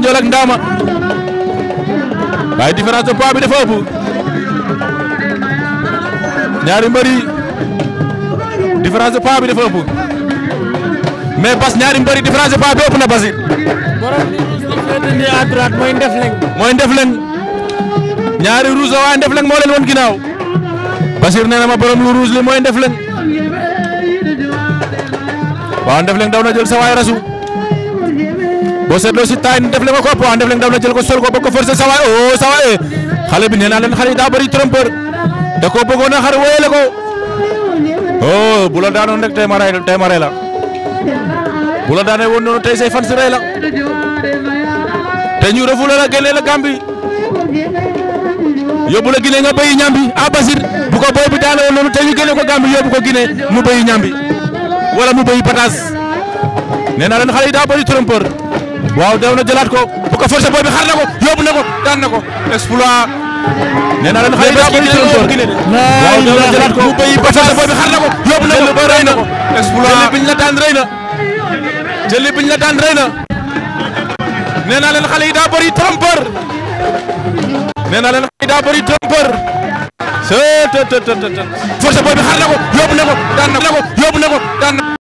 Ndiol ak Ndama waaye différence de poids bi dafa ëpp ñaari mbër différence de poids bi dafa ëpp mais Bas ñaari mbari différence de poids bi ëpp na Bas it. borom li à mooy Ndefleng. ñaari rouge la waaye Ndefleng moo leen woon ginnaaw Basir nee na ma borom lu rouge li mooy Ndefleng waaw Ndefleng daw na jël sa waay rasu. boo seetloo si taay def leen ko ko point def leen daw na jël ko sol ko bëgg ko forcer sawaay oo oh, sawaay eh. xale bi nee naa leen xale yi daa bëri trompeur da ko bëggoon a xar wéyale ko oo oh, bu la daanoon rek tey ma la bu la daanee woon say fan si rey la te ñu refoulé la génnee la Gambie la Guinée nga béyi ñambi a Basir bu ko booy noonu tey ñu génne ko Gambie yóbbu ko Guinée mu béyi ñambi wala mu béyi pataas nee naa leen xale yi daa waaw daw na jëlaat ko bu ko forcé booy bi xar na ko yóbbu na ko daan na ko exploit nee naa leen xëy na bëri na ko waaw daw na jëlaat ko bu na ko yóbbu na ko rey na ko exploit jëli la daan rey na jëli naa leen xale yi daa bëri trompeur nee naa leen xale yi daa bëri trompeur forcé xar na ko yóbbu na ko daan na ko yóbbu na ko daan na